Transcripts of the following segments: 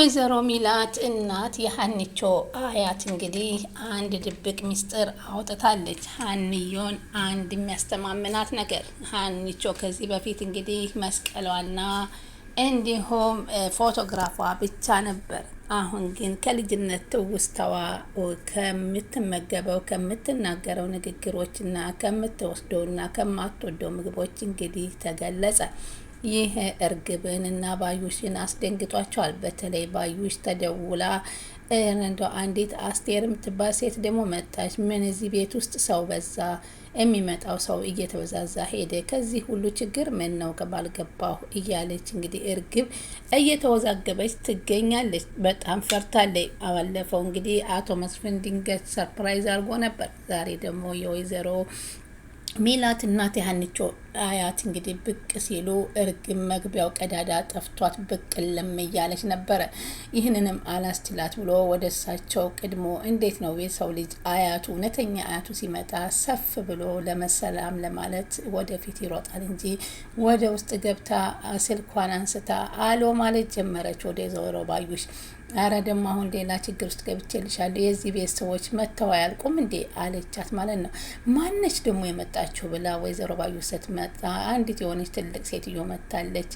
የወይዘሮ ሚላት እናት የሀኒቾ አያት እንግዲህ አንድ ድብቅ ሚስጥር አውጥታለች። ሀኒዮን አንድ የሚያስተማምናት ነገር ሀኒቾ ከዚህ በፊት እንግዲህ መስቀሏና እንዲሁም ፎቶግራፏ ብቻ ነበር። አሁን ግን ከልጅነት ትውስታዋ ከምትመገበው ከምትናገረው ንግግሮችና ከምትወስደውና ከማትወደው ምግቦች እንግዲህ ተገለጸ። ይህ እርግብን እና ባዩሽን አስደንግጧቸዋል። በተለይ ባዩሽ ተደውላ እንደ አንዲት አስቴር የምትባል ሴት ደግሞ መጣች። ምን እዚህ ቤት ውስጥ ሰው በዛ፣ የሚመጣው ሰው እየተበዛዛ ሄደ። ከዚህ ሁሉ ችግር ምን ነው ከባልገባሁ እያለች እንግዲህ እርግብ እየተወዛገበች ትገኛለች። በጣም ፈርታለች። ባለፈው እንግዲህ አቶ መስፍን ድንገት ሰርፕራይዝ አድርጎ ነበር። ዛሬ ደግሞ የወይዘሮ ሜላት እናት ያህንቾ አያት እንግዲህ ብቅ ሲሉ እርግብ መግቢያው ቀዳዳ ጠፍቷት ብቅ እልም እያለች ነበረ። ይህንንም አላስችላት ብሎ ወደ እሳቸው ቅድሞ እንዴት ነው የሰው ልጅ አያቱ እውነተኛ አያቱ ሲመጣ ሰፍ ብሎ ለመሰላም ለማለት ወደፊት ይሮጣል እንጂ ወደ ውስጥ ገብታ ስልኳን አንስታ አሎ ማለት ጀመረች። ወደ ዘወረው ባዩሽ አረ ደግሞ አሁን ሌላ ችግር ውስጥ ገብቼልሻለሁ፣ የዚህ ቤት ሰዎች መጥተው አያልቁም እንዴ አለቻት ማለት ነው። ማነች ደግሞ የመጣችው ብላ ወይዘሮ ባዩ ስትመጣ አንዲት የሆነች ትልቅ ሴትዮ መታለች።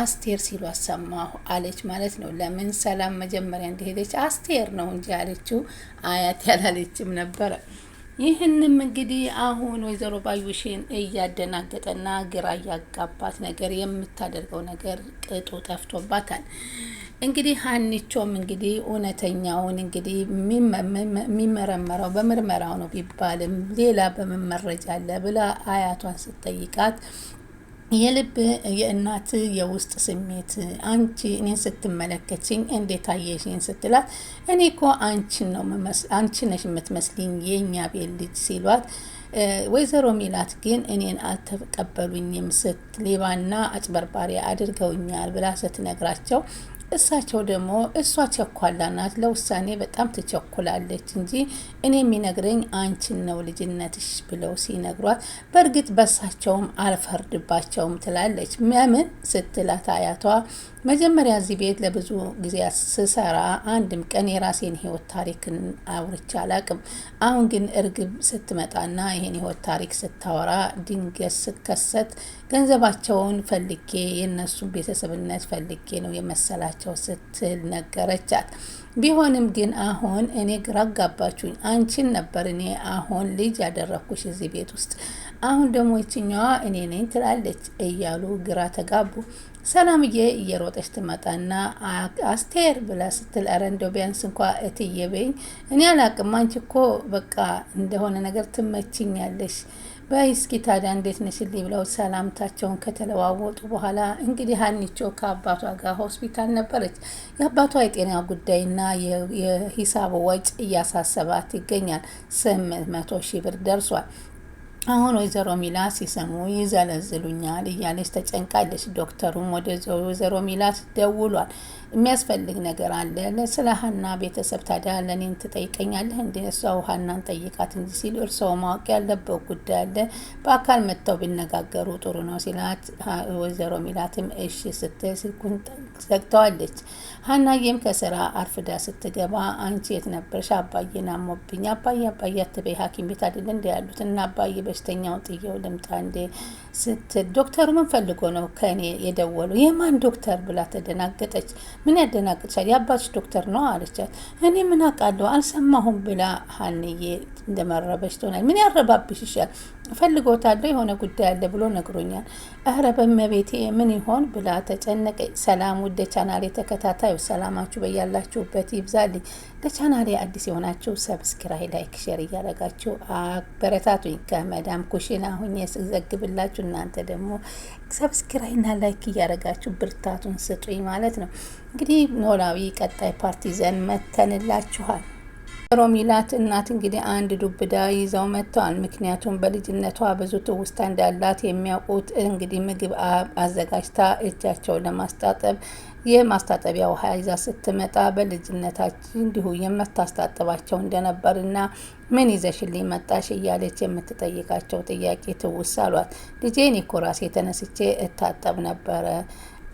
አስቴር ሲሉ አሰማሁ አለች ማለት ነው። ለምን ሰላም መጀመሪያ እንደሄደች አስቴር ነው እንጂ አለችው። አያት ያላለችም ነበረ። ይህንም እንግዲህ አሁን ወይዘሮ ባዩሽን እያደናገጠና ግራ እያጋባት ነገር የምታደርገው ነገር ቅጡ ጠፍቶባታል። እንግዲህ ሀኒቾም እንግዲህ እውነተኛውን እንግዲህ የሚመረመረው በምርመራው ነው ቢባልም ሌላ በምን መረጃ አለ ብላ አያቷን ስትጠይቃት የልብ የእናት የውስጥ ስሜት አንቺ እኔን ስትመለከችኝ እንዴት አየሽኝ? ስትላት እኔ እኮ አንቺን ነው አንቺ ነሽ የምትመስልኝ የእኛ ቤት ልጅ ሲሏት ወይዘሮ ሚላት ግን እኔን አልተቀበሉኝም ስት ሌባና አጭበርባሪ አድርገውኛል ብላ ስትነግራቸው እሳቸው ደግሞ እሷ ቸኳላ ናት፣ ለውሳኔ በጣም ትቸኩላለች እንጂ እኔ የሚነግረኝ አንቺን ነው ልጅነትሽ ብለው ሲነግሯት፣ በእርግጥ በሳቸውም አልፈርድባቸውም ትላለች። ምን ስትላት አያቷ መጀመሪያ እዚህ ቤት ለብዙ ጊዜያት ስሰራ አንድም ቀን የራሴን ህይወት ታሪክን አውርቼ አላቅም። አሁን ግን እርግብ ስትመጣና ይህን ህይወት ታሪክ ስታወራ ድንገት ስከሰት ገንዘባቸውን ፈልጌ የእነሱን ቤተሰብነት ፈልጌ ነው የመሰላቸው ናቸው ስትል ነገረቻት። ቢሆንም ግን አሁን እኔ ግራ አጋባችሁኝ። አንቺን ነበር እኔ አሁን ልጅ ያደረግኩሽ እዚህ ቤት ውስጥ፣ አሁን ደግሞ ይችኛዋ እኔ ነኝ ትላለች እያሉ ግራ ተጋቡ። ሰላምዬ እየሮጠች ትመጣና አስቴር ብላ ስትል ኧረ እንደው ቢያንስ እንኳ እትዬ በይኝ፣ እኔ አላቅም። አንቺ እኮ በቃ እንደሆነ ነገር ትመችኛለሽ በይ እስኪ ታዲያ እንዴት ነሽልኝ ብለው ሰላምታቸውን ከተለዋወጡ በኋላ እንግዲህ ሀኒቾ ከአባቷ ጋር ሆስፒታል ነበረች። የአባቷ የጤና ጉዳይና የሂሳብ ወጪ እያሳሰባት ይገኛል። ስምንት መቶ ሺህ ብር ደርሷል። አሁን ወይዘሮ ሚላ ሲሰሙ ይዘለዝሉኛል እያለች ተጨንቃለች። ዶክተሩም ወደ ወይዘሮ ሚላ ደውሏል። የሚያስፈልግ ነገር አለ። ስለ ሀና ቤተሰብ ታዲያ ለእኔን ትጠይቀኛለህ? እንደ እሷው ሀናን ጠይቃት እንጂ ሲል እርስዎ ማወቅ ያለበት ጉዳይ አለ፣ በአካል መጥተው ቢነጋገሩ ጥሩ ነው ሲላት ወይዘሮ ሚላትም እሺ ስትል ስልኩን ዘግተዋለች። ሀናዬም ከስራ አርፍዳ ስትገባ አንቺ የት ነበርሽ? አባዬ ናሞብኝ። አባዬ አባዬ አትበይ፣ ሐኪም ቤት አይደል እንደ ያሉት እና አባዬ በሽተኛውን ጥየው ልምጣ እንዴ ስትል ዶክተሩ ምን ፈልጎ ነው ከእኔ የደወሉ የማን ዶክተር ብላ ተደናገጠች። ምን ያደናቅቻል? የአባትሽ ዶክተር ነው አለቻት። እኔ ምን አውቃለሁ አልሰማሁም ብላ ሀንዬ እንደመረበች ትሆናል። ምን ይሻል ፈልጎታለሁ የሆነ ጉዳይ አለ ብሎ ነግሮኛል። እረ በመቤቴ ምን ይሆን ብላ ተጨነቀ። ሰላም ውድ ቻናሌ ተከታታዩ ሰላማችሁ በያላችሁበት ይብዛልኝ። ለቻናሌ አዲስ የሆናችሁ ሰብስክራይ፣ ላይክ፣ ሼር እያደረጋችሁ አበረታቱኝ። ከመዳም ኩሽና ሁኜ ስዘግብላችሁ እናንተ ደግሞ ሰብስክራይና ላይክ እያደረጋችሁ ብርታቱን ስጡኝ ማለት ነው። እንግዲህ ኖላዊ ቀጣይ ፓርቲ መተንላችኋል። ሮሚላት እናት እንግዲህ አንድ ዱብዳ ይዘው መጥተዋል። ምክንያቱም በልጅነቷ ብዙ ትውስታ እንዳላት የሚያውቁት እንግዲህ ምግብ አዘጋጅታ እጃቸውን ለማስታጠብ የማስታጠቢያ ውሃ ይዛ ስትመጣ በልጅነታችን እንዲሁ የምታስታጥባቸው እንደነበርና ምን ይዘሽልኝ መጣሽ እያለች የምትጠይቃቸው ጥያቄ ትውስ አሏት። ልጄን እኮ ራሴ ተነስቼ እታጠብ ነበረ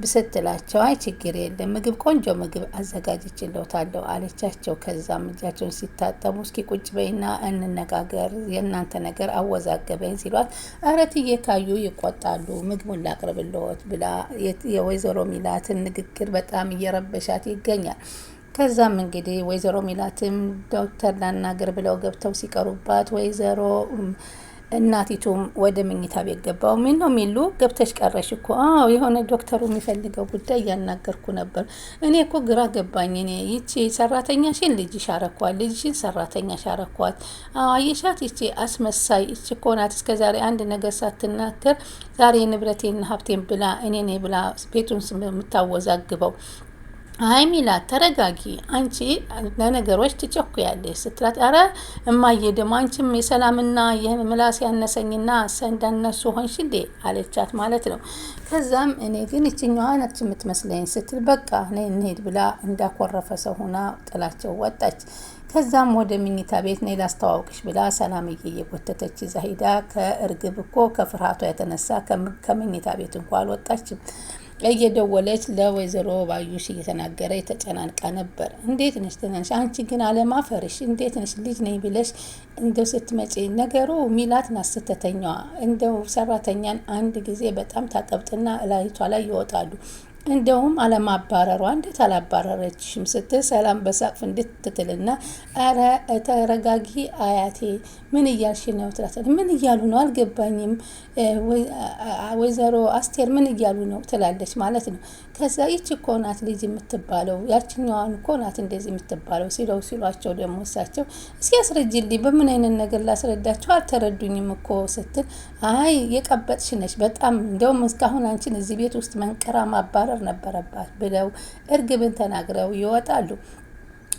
ብስትላቸው አይ ችግር የለም ምግብ ቆንጆ ምግብ አዘጋጅቼልዎታለሁ አለቻቸው። ከዛም እጃቸውን ሲታጠቡ እስኪ ቁጭ በይና እንነጋገር የእናንተ ነገር አወዛገበኝ ሲሏት እረትዬ እየታዩ ይቆጣሉ ምግቡን ላቅርብልዎት ብላ የወይዘሮ ሚላትን ንግግር በጣም እየረበሻት ይገኛል። ከዛም እንግዲህ ወይዘሮ ሚላትም ዶክተር ላናግር ብለው ገብተው ሲቀሩባት ወይዘሮ እናቲቱም ወደ መኝታ ቤት ገባው። ምን ነው ሚሉ ገብተሽ ቀረሽ እኮ? አዎ የሆነ ዶክተሩ የሚፈልገው ጉዳይ እያናገርኩ ነበር። እኔ እኮ ግራ ገባኝ። እኔ ይቺ ሰራተኛሽን ልጅ ሻረኳት ልጅሽን ሰራተኛ ሻረኳት አየሻት? ይቺ አስመሳይ ይቺ እኮ ናት። እስከ አንድ ነገር ሳትናገር ዛሬ ንብረቴና ሀብቴን ብላ እኔ ብላ ቤቱን የምታወዛግበው አይ ሚላት ተረጋጊ፣ አንቺ ለነገሮች ትቸኩያለሽ ስትላት፣ አረ እማዬ ደግሞ አንቺም የሰላምና የምላስ ያነሰኝና እንዳነሱ ሆንሽ እንዴ አለቻት ማለት ነው። ከዛም እኔ ግን እችኛዋ ነች የምትመስለኝ ስትል፣ በቃ ነይ እንሄድ ብላ እንዳኮረፈ ሰው ሆና ጥላቸው ወጣች። ከዛም ወደ ምኝታ ቤት ነይ ላስተዋውቅሽ ብላ ሰላምዬ እየጎተተች ይዛ ሂዳ፣ ከእርግብ እኮ ከፍርሃቷ የተነሳ ከምኝታ ቤት እንኳ አልወጣችም። እየደወለች ለወይዘሮ ባዩሽ እየተናገረ የተጨናንቃ ነበር። እንዴት ነሽ? ትነሽ አንቺ ግን አለማፈርሽ እንዴት ነሽ? ልጅ ነኝ ብለሽ እንደው ስትመጪ ነገሩ ሚላት ናት ስተተኛዋ እንደው ሰራተኛን አንድ ጊዜ በጣም ታቀብጥና እላይቷ ላይ ይወጣሉ። እንደውም አለማባረሯ እንዴት አላባረረችሽም ስትል ሰላም በሳቅፍ ፍንድት ትትልና ኧረ ተረጋጊ አያቴ ምን እያልሽ ነው ትላታለች። ምን እያሉ ነው አልገባኝም፣ ወይዘሮ አስቴር ምን እያሉ ነው ትላለች ማለት ነው። ከዛ ይች እኮ ናት ልጅ የምትባለው ያችኛዋን እኮ ናት እንደዚህ የምትባለው ሲለው ሲሏቸው ደግሞ እሳቸው እስኪ ያስረጅልኝ በምን አይነት ነገር ላስረዳቸው አልተረዱኝም እኮ ስትል አይ የቀበጥሽ ነች በጣም እንደውም እስካሁን አንቺን እዚህ ቤት ውስጥ መንቀራ ማባረር መባረር ነበረባት ብለው እርግብን ተናግረው ይወጣሉ።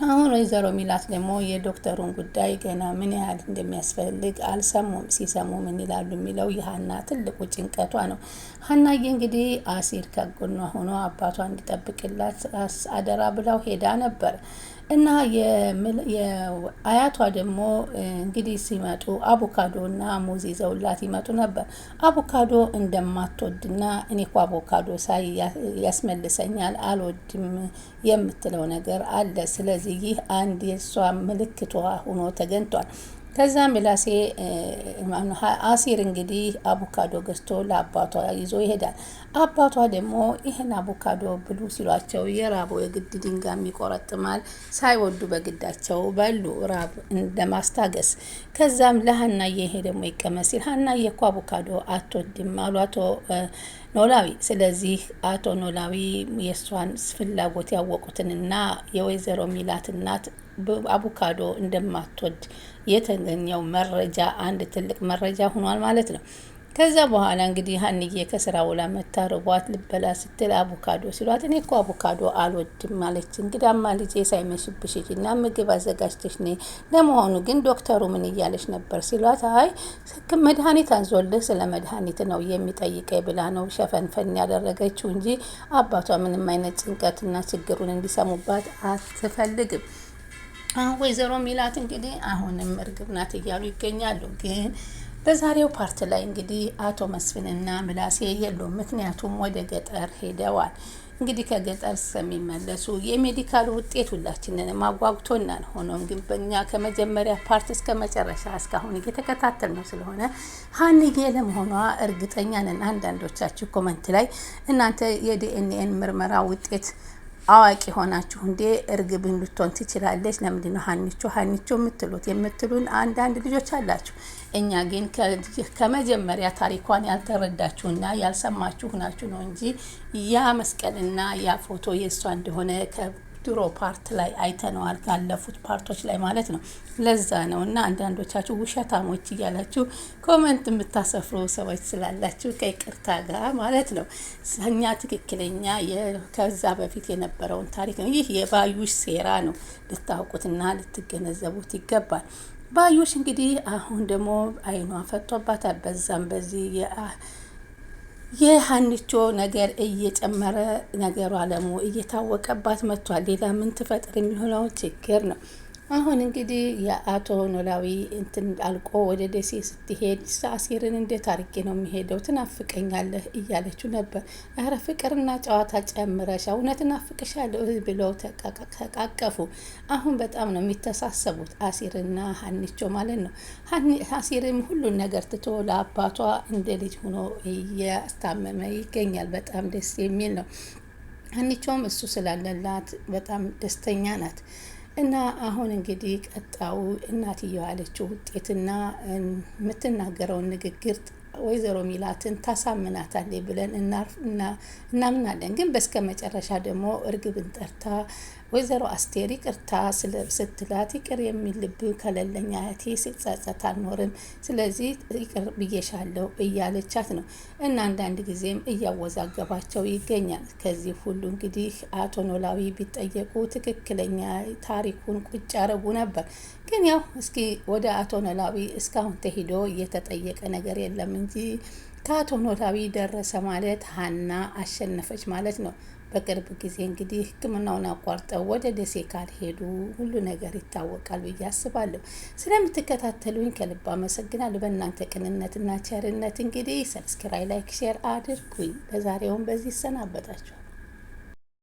አሁን ወይዘሮ ሚላት ደግሞ የዶክተሩን ጉዳይ ገና ምን ያህል እንደሚያስፈልግ አልሰሙም። ሲሰሙ ምን ይላሉ የሚለው የሀና ትልቁ ጭንቀቷ ነው። ሀናዬ እንግዲህ አሲር ከጎኗ ሆኖ አባቷ እንዲጠብቅላት አደራ ብለው ሄዳ ነበር። እና አያቷ ደግሞ እንግዲህ ሲመጡ አቮካዶ እና ሙዝ ይዘውላት ይመጡ ነበር። አቮካዶ እንደማትወድና እኔ እኮ አቮካዶ ሳይ ያስመልሰኛል አልወድም የምትለው ነገር አለ። ስለዚህ ይህ አንድ የእሷ ምልክቷ ሆኖ ተገኝቷል። ከዛ ምላሴ አሲር እንግዲህ አቮካዶ ገዝቶ ለአባቷ ይዞ ይሄዳል። አባቷ ደግሞ ይህን አቮካዶ ብሉ ሲሏቸው የራበው የግድ ድንጋም ይቆረጥማል። ሳይወዱ በግዳቸው በሉ ራብ እንደማስታገስ። ከዛም ለሀናዬ ይሄ ደግሞ ይቀመስ ሲል ሀናዬ እኮ አቮካዶ አትወድም አሉ አቶ ኖላዊ። ስለዚህ አቶ ኖላዊ የእሷን ፍላጎት ያወቁትንና የወይዘሮ ሚላት እናት አቮካዶ እንደማትወድ የተገኘው መረጃ አንድ ትልቅ መረጃ ሆኗል ማለት ነው። ከዛ በኋላ እንግዲህ ሀንዬ ከስራ ውላ መታረቧት ልበላ ስትል አቮካዶ ሲሏት እኔ እኮ አቮካዶ አልወድም ማለች። እንግዳማ ልጄ ሳይመሽብሽ እና ምግብ አዘጋጅተሽ ነይ፣ ለመሆኑ ግን ዶክተሩ ምን እያለች ነበር ሲሏት፣ አይ ህክም መድኃኒት አንዞልህ ስለ መድኃኒት ነው የሚጠይቀኝ ብላ ነው ሸፈንፈን ያደረገችው እንጂ አባቷ ምንም አይነት ጭንቀትና ችግሩን እንዲሰሙባት አትፈልግም። አሁን ወይዘሮ ሚላት እንግዲህ አሁንም እርግብ ናት እያሉ ይገኛሉ። ግን በዛሬው ፓርት ላይ እንግዲህ አቶ መስፍንና ምላሴ የሉም፣ ምክንያቱም ወደ ገጠር ሄደዋል። እንግዲህ ከገጠር ስለሚመለሱ የሜዲካል ውጤት ሁላችንንም አጓጉቶናል። ሆኖም ግን በእኛ ከመጀመሪያ ፓርት እስከ መጨረሻ እስካሁን እየተከታተል ነው ስለሆነ ሀንዬ ለመሆኗ እርግጠኛ ነን። አንዳንዶቻችሁ ኮመንት ላይ እናንተ የዲኤንኤን ምርመራ ውጤት አዋቂ ሆናችሁ እንዴ እርግብ ልትሆን ትችላለች? ለምንድን ነው ሀኒቾ ሀኒቾ የምትሉት የምትሉን አንዳንድ ልጆች አላችሁ። እኛ ግን ከመጀመሪያ ታሪኳን ያልተረዳችሁና ያልሰማችሁ ናችሁ ነው እንጂ ያ መስቀልና ያ ፎቶ የእሷ እንደሆነ ድሮ ፓርት ላይ አይተነዋል፣ ካለፉት ፓርቶች ላይ ማለት ነው። ለዛ ነው እና አንዳንዶቻችሁ ውሸታሞች እያላችሁ ኮመንት የምታሰፍሩ ሰዎች ስላላችሁ ከይቅርታ ጋር ማለት ነው። እኛ ትክክለኛ ከዛ በፊት የነበረውን ታሪክ ነው። ይህ የባዩሽ ሴራ ነው። ልታውቁትና ልትገነዘቡት ይገባል። ባዩሽ እንግዲህ አሁን ደግሞ አይኗ ፈቶባታል። በዛም በዚህ የሀኒቾ ነገር እየጨመረ ነገሯ አለሙ እየታወቀባት መጥቷል። ሌላ ምን ትፈጥር የሚሆነው ችግር ነው። አሁን እንግዲህ የአቶ ኖላዊ እንትን አልቆ ወደ ደሴ ስትሄድ አሲርን እንዴት አርጌ ነው የሚሄደው ትናፍቀኛለህ እያለችው ነበር። ኧረ ፍቅርና ጨዋታ ጨምረሻ እውነት እናፍቅሻለሁ ብለው ተቃቀፉ። አሁን በጣም ነው የሚተሳሰቡት አሲርና ሀኒቾ ማለት ነው። አሲርም ሁሉን ነገር ትቶ ለአባቷ እንደ ልጅ ሆኖ እያስታመመ ይገኛል። በጣም ደስ የሚል ነው። ሀኒቾም እሱ ስላለላት በጣም ደስተኛ ናት። እና አሁን እንግዲህ ቀጣው እናትየው ያለችው ውጤትና የምትናገረውን ንግግር ወይዘሮ ሚላትን ታሳምናታለች ብለን እናምናለን። ግን በስከ መጨረሻ ደግሞ እርግብን ጠርታ ወይዘሮ አስቴር ይቅርታ ስትላት ይቅር የሚል ልብ ከሌለኝ አያቴ ስጸጸት አልኖርም፣ ስለዚህ ይቅር ብዬሻለሁ እያለቻት ነው እና አንዳንድ ጊዜም እያወዛገባቸው ይገኛል። ከዚህ ሁሉ እንግዲህ አቶ ኖላዊ ቢጠየቁ ትክክለኛ ታሪኩን ቁጭ ያረጉ ነበር። ግን ያው እስኪ ወደ አቶ ኖላዊ እስካሁን ተሂዶ የተጠየቀ ነገር የለም እንጂ ከአቶ ኖላዊ ደረሰ ማለት ሀና አሸነፈች ማለት ነው። በቅርብ ጊዜ እንግዲህ ሕክምናውን አቋርጠው ወደ ደሴ ካልሄዱ ሁሉ ነገር ይታወቃል ብዬ አስባለሁ። ስለምትከታተሉኝ ከልብ አመሰግናለሁ። በእናንተ ቅንነትና ቸርነት እንግዲህ ሰብስክራይ፣ ላይክ፣ ሼር አድርጉኝ። ለዛሬውም በዚህ ይሰናበታችኋል።